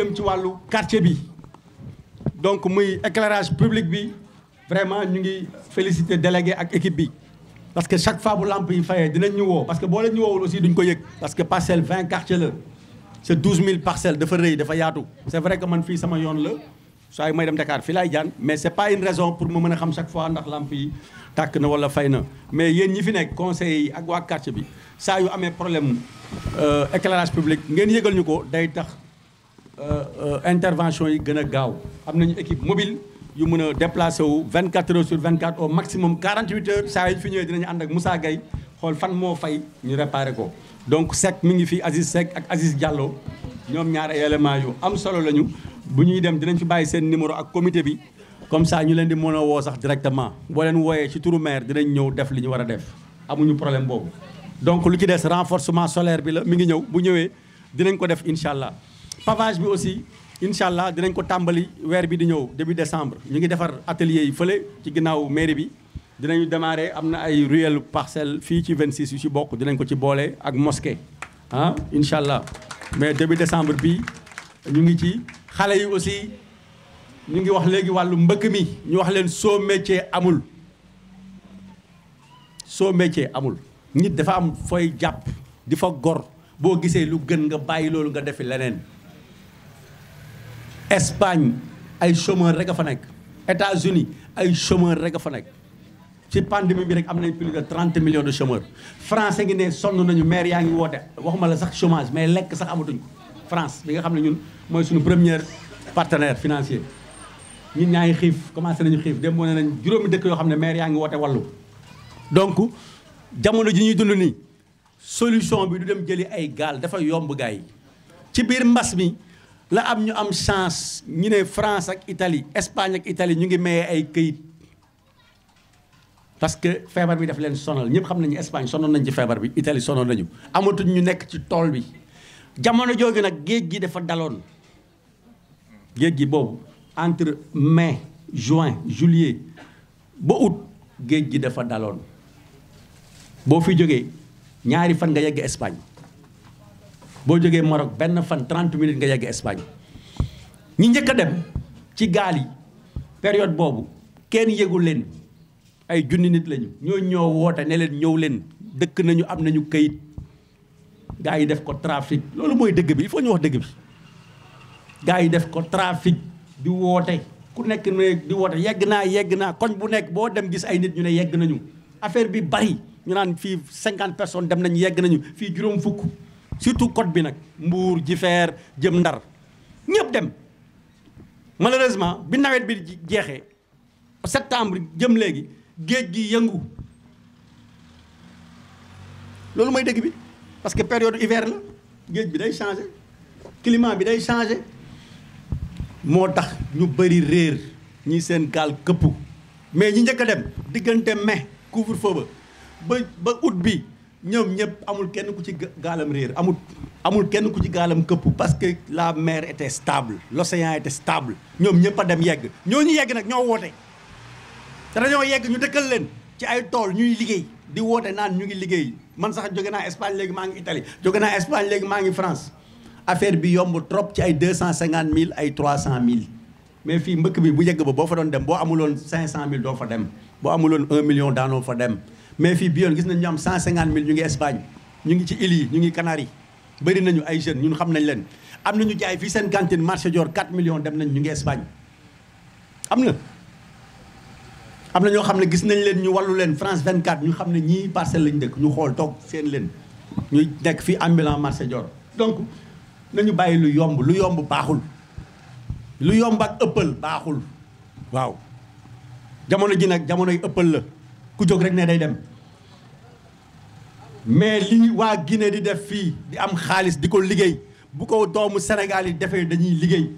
jëm ci wàllu quartier bi donc muy éclairage public bi vraiment ñu ngi féliciter délégué ak équipe bi parce que chaque fois bu lamp yi fayee dinañ ñu woo parce que boo leen ñu woowul aussi duñ ko yëg parce que parcelle vingt quartier la c' douze mille parcelles dafa rëy dafa yaatu c' est vrai que man fii sama yoon la saa yu may dem Dakar fii laay jaan mais c' est pas une raison pour mu mën a xam chaque fois ndax lamp yi tàkk na wala fay na mais yéen ñi fi nekk conseil ak waa quartier bi saa yu amee problème euh, éclairage public ngeen yëgal ñu ko day tax Euh, euh, intervention yi gën a gaaw am nañu équipe mobile yu mën a déplacé wu 24 heures sur 24 au maximum 48 heures saa yu fi ñëwee dinañu ànd ak Moussa Gueye xool fan moo fay ñu réparé ko. donc Seck mi ngi fi Aziz Seck ak Aziz Diallo ñoom ñaare ay éléments yu am solo lañu bu ñuy dem dinañ fi bàyyi seen numéro ak comité bi comme ça ñu leen di mën a woo sax directement boo leen wooyee ci turu maire dinañ ñëw def li ñu war a def amuñu problème boobu. donc lu ci des renforcement solaire bi la mi ngi ñëw bu ñëwee dinañ ko def incha allah. pavage bi aussi incha allah dinañ ko tàmbali weer bi di ñëw début décembre ñu ngi defar atelier yi fële ci ginnaaw maire bi dinañu démarrer am na ay ruelle parcelle fii ci 26 yu ci bokk dinañ ko ci boole ak moske ah incha allah mais début décembre bi ñu ngi ci xale yi aussi ñu ngi wax léegi wàllu mbëkk mi ñu wax leen soo métier amul soo métier amul nit dafa am fooy jàpp di fa gor boo gisee lu gën nga bàyyi loolu nga defi leneen Espagne ay chômeur rek a fa nekk États-Unis ay chômeur rek a fa nekk ci pandémie bi rek am nañ plus de 30 millions de chômeurs français ngi ne sonn nañu maire yaa ngi woote waxuma la sax chômage mais lekk sax amatuñ ko France bi nga xam ne ñun mooy suñu première partenaire financier ñun ñaa ngi xiif commencé nañu xiif dem moo ne nañ juróomi dëkk yoo xam ne maire yaa ngi woote wàllu donc jamono ji ñuy dund nii solution bi du dem jëli ay gaal dafa yomb gaay yi ci biir mbas mi la am ñu am chance ñu ne France ak itali Espagne ak Italie ñu ngi maye ay kayit parce que feebar bi daf leen sonal ñëpp xam nañu Espagne sonoon nañ ci feebar bi Italie sonoon nañu amatuñ ñu nekk ci tool bi jamono jooju nag géej gi dafa daloon géej gi boobu entre mai juin juillet ba ut géej gi dafa daloon boo fi jógee ñaari fan nga yegg Espagne boo jógee Maroc benn fan 30 minutes nga yegg Espagne ñi njëkk a dem ci gaal yi période boobu kenn yëgul leen ay junni nit lañu ñoo ñoo woote ne leen ñëw leen dëkk nañu am nañu kayit gaa yi def ko trafic loolu mooy dëgg bi il faut ñu wax dëgg bi gaa yi def ko trafic di woote ku nekk ne di woote yegg naa yegg naa koñ bu nekk boo dem gis ay nit ñu ne yegg nañu affaire bi bari ñu naan fii cinquante personne dem nañ yegg nañu fii juróom fukk surtout côte bi nag Mbour Jifeer jëm Ndar ñëpp dem malheureusement bi nawet bi jeexee septembre jëm léegi géej gi yëngu loolu mooy dëgg bi parce que période hiver la géej bi day changé climat bi day changé moo tax ñu bëri réer ñi seen gaal këppu mais ñi njëkk a dem diggante mai couvre-feu ba ba août bi ñoom ñëpp amul kenn ku ci gaalam réer amul amul kenn ku ci gaalam këpp parce que la mer était stable l'océan était stable ñoom ñëpp a dem yegg ñoo ñu yegg nag ñoo woote te ñoo yegg ñu dëkkal leen ci ay tool ñuy liggéey di woote naan ñu ngi liggéey man sax jóge naa Espagne léegi maa ngi Italie jóge naa Espagne léegi maa ngi France affaire bi yomb trop ci ay deux cent cinquante mille ay trois cent mille mais fii mbëkk bi bu yegg ba boo fa doon dem boo amuloon cinq cent mille doo fa dem boo amuloon un million daanoo fa dem mais fi bi gis nañ ñu am 150000 ñu ngi Espagne ñu ngi ci îles yi ñu ngi Canaries bëri nañu ay jeunes ñun xam nañ leen am na ñu jaay fii seen cantine marché Dior 4 millions dem nañ ñu ngi Espagne am na. am na ñoo xam ne gis nañ leen ñu wallu leen France 24 ñu xam ne ñii parcelle lañ dëkk ñu xool toog seen leen ñuy nekk fii ambulant marché joor donc nañu bàyyi lu yomb lu yomb baaxul lu yomb ak ëppal baaxul waaw jamono ji nag jamonoy ëppal ku jóg rek ne day dem mais lii waa Guinée di def fii di am xaalis di ko liggéey bu ko doomu Sénégal yi defee dañuy liggéey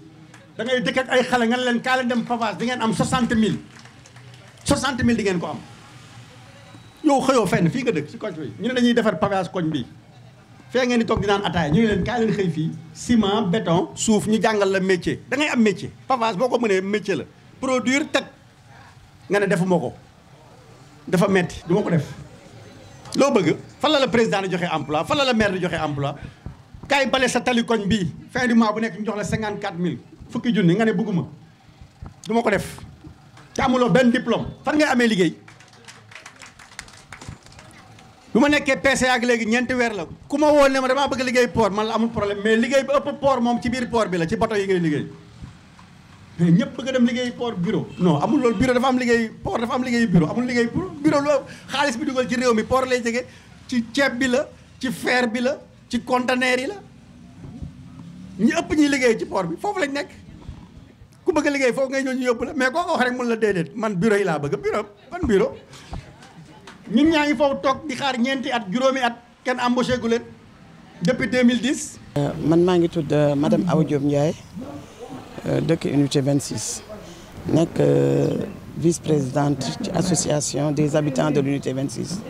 da ngay dëkk ay xale nga leen kaa leen dem pavage di ngeen am 60 mille 60 000 di ngeen ko am yow xëyoo fenn fii nga dëkk si koñ bi ñu ne dañuy defar pavage koñ bi fee ngeen di toog di naan ataaya ñu ne leen kaa leen xëy fii ciment béton suuf ñu jàngal la métier da ngay am métier pavage boo ko mënee métier la produire teg nga ne defuma ko dafa metti du ko def loo bëgg fan la la président di joxe emploi fan la la maire di joxe emploi kaay bale sa tali koñ bi fin du mois bu nekk ñu jox la 54000 fukki junni nga ne bëgguma du ma ko def te benn diplôme fan ngay amee liggéey bu ma nekkee PCA ak léegi ñeenti weer la ku ma woon ne ma damaa bëgg liggéey port man la amul problème mais liggéey bi ëpp port moom ci biir port bi la ci bato yi ngay liggéey mais ñëpp bëgg a dem liggéey poor bureau non amul loolu bureau dafa am liggéey port dafa am liggéey bureau amul liggéey pour bureau loolu xaalis bi dugal ci réew mi port lay jege ci ceeb bi la ci feer bi la ci conteneur yi la ñu ëpp ñuy liggéey ci port bi foofu lañ nekk ku bëgg a liggéey foofu ngay ñëw ñu yóbbu la mais koo ko wax rek mun la déedéet man bureau yi laa bëgg bureau ban bureau ñun ñaa ngi foofu toog di xaar ñeenti at juróomi at kenn embauché gu leen depuis 2010. Euh, man maa ngi tudd euh, madame Awa Diop Ndiaye. Euh, dëkk unité 26 nekk euh, vice-présidente ci association des habitants de l'unité 26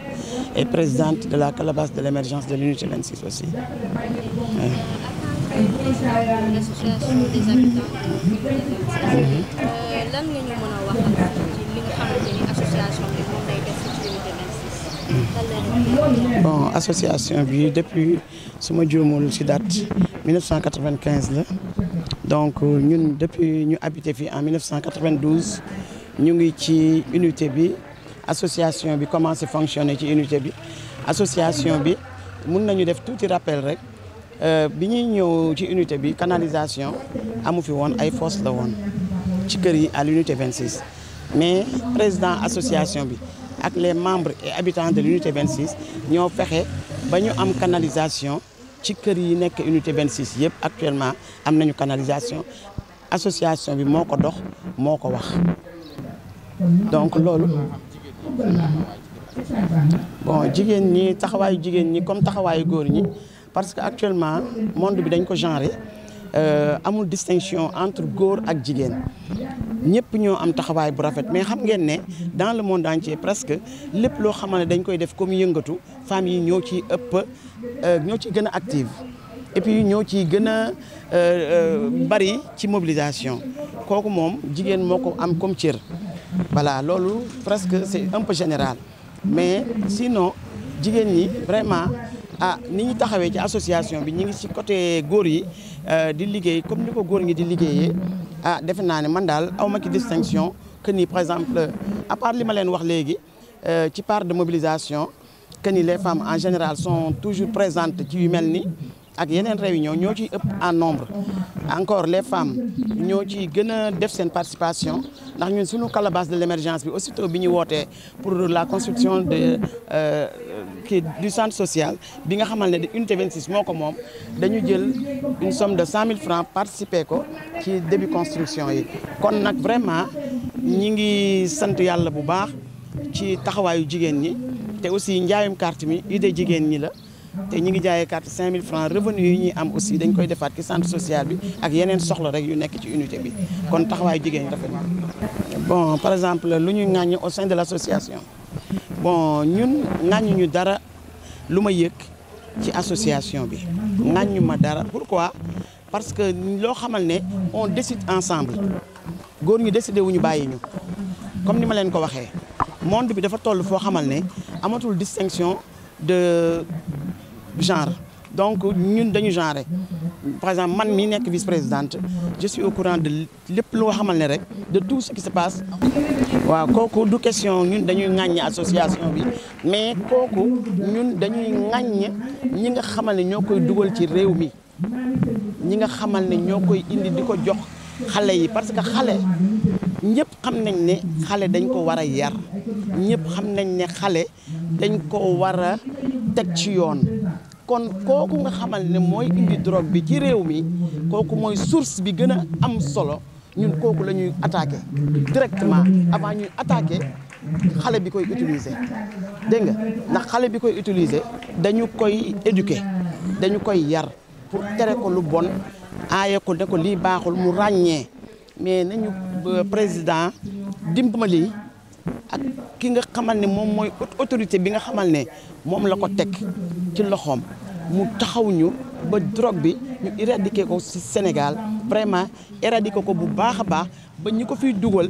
et présidente de la calebasse de l'émergence de l'unité 26 aussi. lan nga ñu mën a bi moom lay def ci unité 26. bon association bi la. donc euh, ñun depuis ñu habité fii en 1992 ñu ngi ci unité bi association bi commencé fonctionner ci unité bi association bi mun nañu def tuuti rappel rek euh, bi ñuy ñëw ci unité bi canalisation amu fi woon ay fosse la woon ci kër yi à l'unité 26 mais président association bi ak les membres e habitants de l'unité 26 ñoo fexe ba ñu am canalisation ci kër yi nekk unité 26 yëpp actuellement am nañu canalisation association bi moo ko dox moo ko wax donc loolu bon jigéen ñi taxawaayu jigéen ñi comme taxawaayu góor ñi parce que actuellement monde bi dañ ko genré Euh, amul distinction entre góor ak jigéen ñëpp ñoo am taxawaay bu rafet mais xam ngeen ne dans le monde entier presque lépp loo xaman ne dañ koy def comme yëngatu femmes yi ñoo ciy ëpp euh, ñoo ci gën a active et puis ñoo ci gën a euh, bari ci mobilisation kooku moom jigéen moo ko am comme cër voilà loolu presque c'est un général mais sinon jigéen ñi vraiment ah ni ñu taxawee ci association bi ñu ngi ci côté góor yi euh, di liggéey comme ni ko góor ngi di liggéeyee ah defe naa ne man daal aw ma ci distinction que par exemple à part li ma leen wax léegi euh, ci part de mobilisation que ni les femmes en général sont toujours présentes ci yu mel ni ak yeneen réunion ñoo ñoo ciy ëpp en nombre encore les femmes ñoo ciy gën a def seen participation ndax ñun suñu calebasse de l'émergence bi aussitôt bi ñu wootee pour la construction de kii euh, du centre social bi nga xamal ne de unité 26 moo ko moom dañu jël une somme de 100 000 francs participer ko ci début construction yi kon nag vraiment ñi ngi sant yàlla bu baax ci taxawaayu jigéen ñi te aussi njaayum carte mi de jigéen ñi la te ñu ngi jaayee cinq mille francs revenu yi ñuy am aussi dañ koy defaat ci centre social bi ak yeneen soxla rek yu nekk ci unité bi kon taxawaayu jigéen ñi rafet bon par exemple lu ñuy ŋàññi au sein de l'association bon ñun ŋàññi ñu dara lu ma yëg ci association bi ŋàññu ma dara pourquoi parce que loo xamal ne on décide ensemble góor ñu décidé wu ñu bàyyi ñu comme ni ma leen ko waxee monde bi dafa toll foo xamal ne amatul distinction de genre donc ñun dañu genre par exemple man mii nekk vice présidente je suis au courant de lépp loo xamal ne rek de tout ce qui se passe. waaw kooku du question ñun dañuy ŋàññi association bi mais kooku ñun dañuy ŋàññ ñi nga xamal ne ñoo koy dugal ci réew mi ñi nga xamal ne ñoo koy indi di ko jox xale yi parce que xale ñëpp xam nañ ne xale dañ ko war a yar ñëpp xam nañ ne xale dañ ko war a teg ci yoon. kon kooku nga xamal ne mooy indi drogue bi ci réew mi kooku mooy source bi gën a am solo ñun kooku la ñuy attaqué directement avant ñuy attaqué xale bi koy utiliser dégg nga ndax xale bi koy utiliser dañu koy éduquer dañu koy yar pour tere ko lu bon aaye ko ne ko lii baaxul mu ràññee mais nañu euh, président dimbali ak ki nga xamal ne moom mooy autorité bi nga xamal ne moom la ko teg ci loxoom mu taxawuñu ba drogue bi ñu éradiquer ko ci Sénégal vraiment éradiquer ko bu baax a baax bañ ñi ko fiy dugal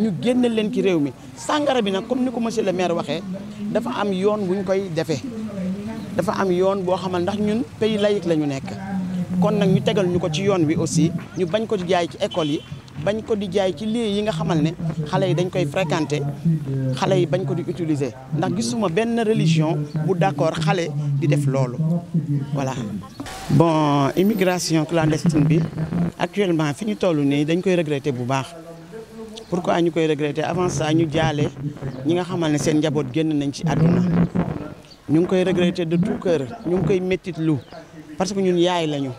ñu génne leen ci réew mi sàngara bi nag comme ni ko monsieur le maire waxee dafa am yoon wu ñu koy defee dafa am yoon boo xamal ndax ñun pays laïque la ñu nekk kon nag ñu tegal ñu ko ci yoon wi aussi ñu bañ ko jaay ci école yi bañ ko di jaay ci lieu yi nga xamal ne xale yi dañ koy fréquenter xale yi bañ ko di utiliser ndax gisuma benn religion bu d'accord xale di def loolu voilà. bon immigration clandestine bi actuellement fi ñu tollu nii dañ koy regretter bu baax pour pourquoi ñu koy regretter avant ça ñu jaale ñi nga xamal ne seen njaboot génn nañ ci àdduna ñu ngi koy regretter de tout cœur ñu ngi koy lu parce que ñun yaay lañu.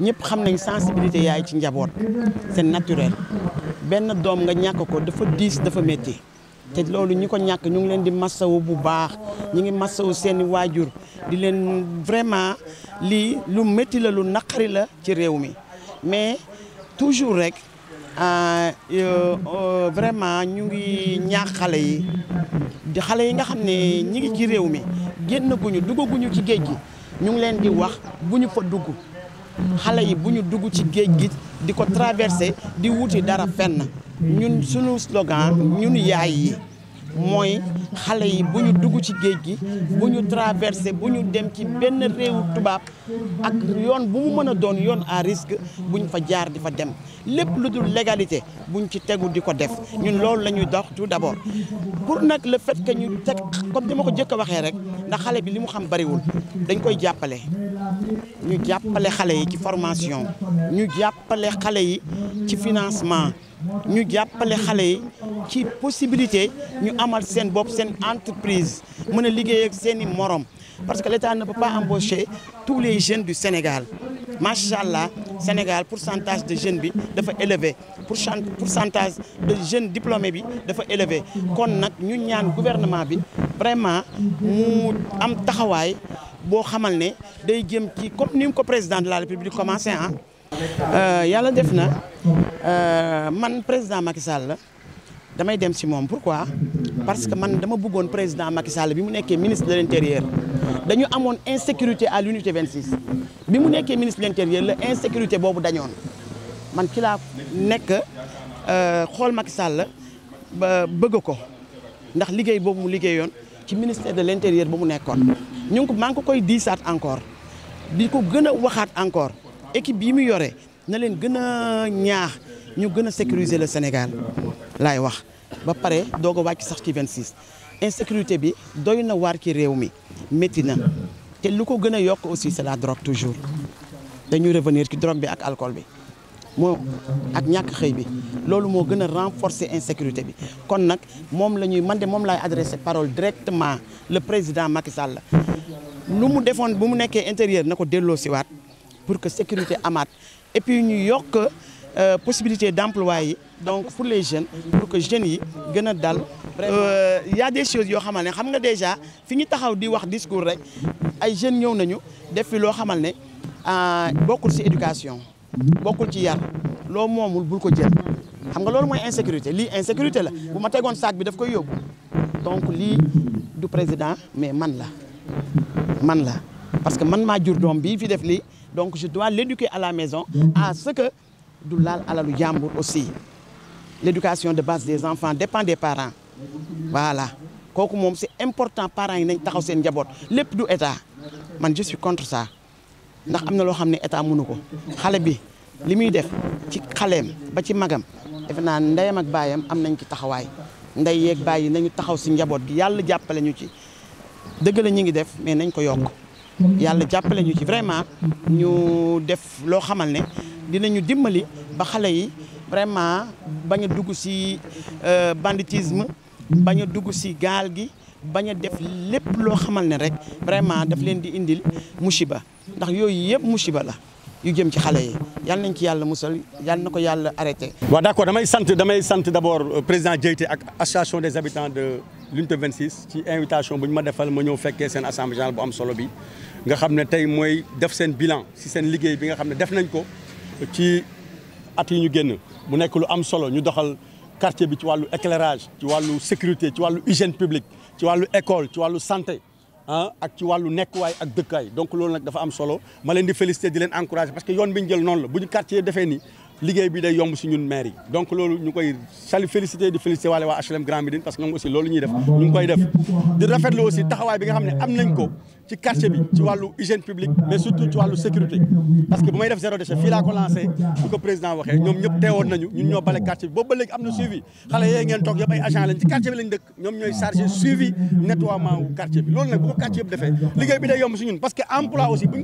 ñëpp xam nañ sensibilité yaay ci njaboot c'est naturel benn doom nga ñàkk ko dafa diis dafa métti te loolu ñi ko ñàkk ñu ngi leen di massawu bu baax ñu ngi wu seen waajur di leen vraiment lii lu métti la lu naqari la ci réew mi mais toujours rek ah, euh, euh, vraiment ñu ngi ñaax xale yi di xale yi nga xam ne ñi ngi ci réew mi génn guñu dugaguñu ci géej gi ñu ngi leen di wax bu ñu fa dugg xale yi bu ñu dugg ci géej gi di ko traversé di wuti dara fenn ñun sunu slogan ñun yaay yi mooy xale yi bu ñu dugg ci géej gi bu ñu traversé bu ñu dem ci benn réew tubaab ak yoon bu mu mën a doon yoon à risque ñu fa jaar di fa dem lépp lu dul légalité buñ ci tegu di ko def ñun loolu la ñuy dox tout d'abord pour nag le fait que ñu teg di ma ko jëkk a waxee rek ndax xale bi li mu xam bariwul dañ koy jàppale ñu jàppale xale yi ci formation ñu jàppale xale yi ci financement ñu jàppale xale yi ci possibilité ñu amal seen bopp entreprise mën a liggéey ak seen i morom parce que l'État ne peut pas embaucher tous les jeunes du Sénégal macha allah Sénégal pourcentage de jeunes bi dafa élevé pourcentage de jeunes diplômés bi dafa élevé kon nag ñu ñaan gouvernement bi vraiment mu am taxawaay boo xamal ne day jëm ci comme ni ko président de la république commencé ah. Euh, yàlla def na euh, man président Macky Sall la. damay dem si moom pourquoi parce que man dama buggoon président Macky Sall bi mu nekkee ministre de l' dañu amoon insécurité à l' unité 26 bi mu nekkee ministre de l' la insécurité boobu dañoon man ci laa nekk euh, xool Macky Sall ba bëgg ko ndax liggéey boobu mu liggéeyoon ci ministère de l' intérieur ba mu nekkoon ñu ngi ko maa ngi ko koy diisaat encore di ko gën a waxaat encore équipe yi mu yore na leen gën a ñaax ñu gën a sécuriser le Sénégal laay wax ba pare doog a wàcc sax ci insécurité bi doy na waar ci réew mi métti na te lu ko gën a yokk aussi c'est la drogue toujours dañuy revenir ci drogue bi ak alcool bi moo ak ñàkk xëy bi loolu moo gën a renforcer insécurité bi kon nag moom la ñuy man de moom laay adresser parole directement le président Macky Sall lu mu defoon bu mu nekkee intérieur na ko delloo siwaat pour que sécurité amaat et puis ñu yokk Euh, possibilité d'emploi yi donc pour les jeunes pour que jeunes yi gën a dal euh, y a des choses yoo xamal ne xam nga déjà fi ñu taxaw di wax discours rek ay jeunes ñëw nañu def fi loo xamal ne euh, bokkul ci éducation bokkul ci yar loo moomul bul ko jël xam nga loolu mooy insécurité lii insécurité la bu ma tegoon saak bi daf koy yóbbu donc lii du président mais man la man la parce que man maa jur doom bii fi def lii donc je dois l'éduquer à la maison à ce que du laal lu jàmbur aussi l'éducation de base des enfants dépend des parents voilà kooku moom si important parents yi nañ taxaw seen njaboot lépp du état man je contre sa ndax am na loo xam ne état munu ko xale bi li muy def ci xaleem ba ci magam defe naa ndeyam ak baayam am nañ ci taxawaay ndey yeeg baay yi nañu taxaw si njaboot gi yàlla jàppale ñu ci dëgg ñu ngi def mais nañ ko yokk yàlla jàppale ñu ci vraiment ñu def loo xamal ne dinañu dimbali ba xale yi vraiment bañ a dugg si euh, banditisme bañ dugg si gaal gi bañ def lépp loo xamal ne rek vraiment daf leen di indil musiba ndax yooyu yëpp musiba la yu jëm ci xale yi yal nañ ci yàlla musal yal na ko yàlla arrêté. waaw d'accord damay sant damay sant d'abord euh, président Dieyte ak association des habitants de vingt 26 ci invitation bu ñu ma defal ma ñëw fekkee seen assemblée générale boo am solo bi nga xam ne tey mooy def seen bilan si seen liggéey bi nga xam ne def nañ ko. ci at yi ñu génn mu nekk lu am solo ñu doxal quartier bi ci wàllu éclairage ci wàllu sécurité ci wàllu hygiène publique ci wàllu école ci wàllu santé ah ak ci wàllu nekkuwaay ak dëkkaay donc loolu nag dafa am solo ma leen di féliciter di leen encourager parce que yoon bi ñu jël noonu la bu ñu quartier defee nii liggéey bi day yomb si ñun maire donc loolu ñu koy sali félicité di félicité waale waa HLM Grand Médine parce que loolu ñuy def ñu ngi koy def di rafetlu aussi taxawaay bi nga xam ne am nañ ko ci quartier bi ci wàllu hygiène publique mais surtout ci wàllu sécurité parce que bu may def zéro déchet fii laa ko lancé président waxee ñoom ñëpp teewoon nañu ñun ñoo bale quartier bi boobu ba léegi am na suivi xale yooyu ngeen toog yëpp ay agent lañ ci quartier bi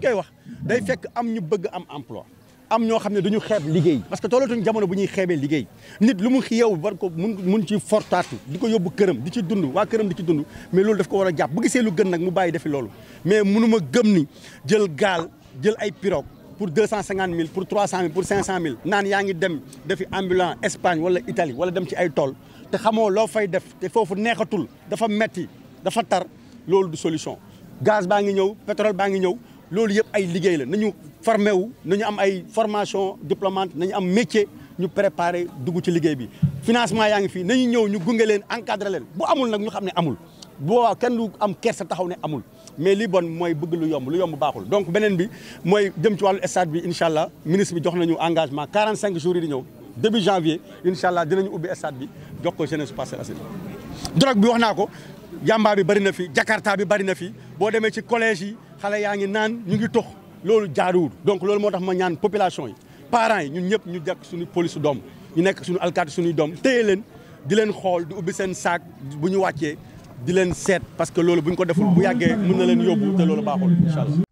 lañ ñu koy am ñoo xam ne dañu xeeb liggéey parce que tollatuñ jamono bu ñuy xeebee liggéey nit lu mu xi yow war ko mun mun ci fortaatu di ko yóbbu këram di ci dund waa këram di ci dund mais loolu daf ko war a jàpp bu gisee lu gën nag mu bàyyi defi loolu mais munuma gëm ni jël gaal jël ay pirogue pour deux cent cinquante mille pour trois cent mille pour cinq cent mille naan yaa ngi dem defi ambulant Espagne wala Italie wala dem ci ay tool te xamoo loo fay def te foofu neexatul dafa metti dafa tar loolu du solution gaz baa ngi ñëw pétrole baa ngi ñëw loolu yëpp ay liggéey la nañu formé wu nañu am ay formation diplômante nañu am métier ñu préparer dugg ci liggéey bi financement yaa ngi fii nañu ñëw ñu gunge leen encadré leen bu amul nag ñu xam ne amul boo kenn du am kersa taxaw ne amul mais li bon mooy bëgg lu yomb lu yomb baaxul donc beneen bi mooy jëm ci wàllu stade bi incha allah ministre bi jox nañu engagement 45 jours yi di ñëw début janvier incha allah dinañu ubbi stade bi jox ko jeunesse Parcelles Assainies drogue bi wax naa ko yamba bi bëri na fi jakarta bi bëri na fi boo demee ci collège yi xale yaa ngi naan ñu ngi tox loolu jaaduwul donc loolu moo tax ma ñaan population yi parent yi ñun ñëpp ñu jàkk suñu police doom ñu nekk suñu alkaati suñuy doom téye leen di leen xool di ubbi seen saak bu ñu wàccee di leen seet parce que loolu bu ñu ko deful bu yàggee mun na leen yóbbu te loolu baaxul incha allah